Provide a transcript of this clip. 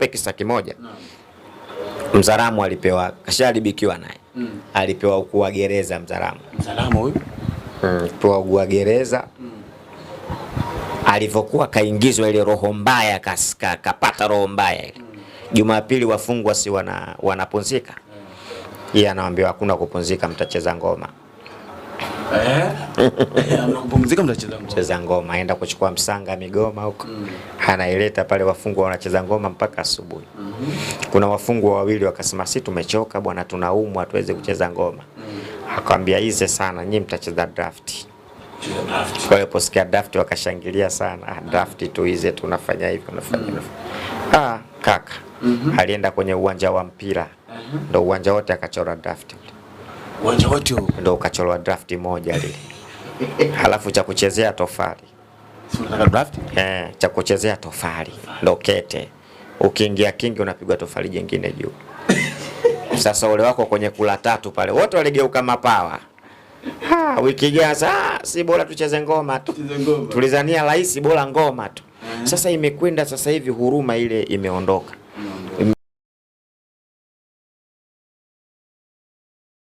nikupe kisa kimoja no. Mzaramo alipewa kasharibikiwa naye mm. alipewa ukuu gereza Mzaramo, Mzaramo huyu mm, pewa gereza mm. Alivyokuwa kaingizwa ile roho mbaya kaska, kapata roho mbaya ile mm. Jumapili wafungwa si wana, wanapunzika mm. yeye yeah, anawaambia hakuna kupunzika, mtacheza ngoma eh? Mnapumzika mtacheza ngoma. Cheza ngoma, aenda kuchukua msanga Migoma huko. Mm. Anaileta pale wafungwa wanacheza ngoma mpaka asubuhi. Mm -hmm. Kuna wafungwa wawili wakasema sisi tumechoka bwana, tunaumwa tuweze kucheza ngoma. Mm. Akamwambia ize sana, nyinyi mtacheza draft. Kwa hiyo posikia draft wakashangilia sana. Ah, draft tuize tunafanya hivi tunafanya hivi. Ah, kaka. Mm -hmm. Alienda kwenye uwanja wa mpira. Mm -hmm. Ndio uwanja wote akachora draft. Uwanja wote ndio ukachorwa draft moja lile halafu cha kuchezea tofali eh, cha kuchezea tofali lokete, ukiingia kingi unapigwa tofali jingine juu. Sasa ule wako kwenye kula tatu pale wote waligeuka mapawa. Ha, wiki ijaza si bora tucheze ngoma tu, tulizania rahisi, bora ngoma tu. Mm. Sasa imekwenda sasa hivi huruma ile imeondoka.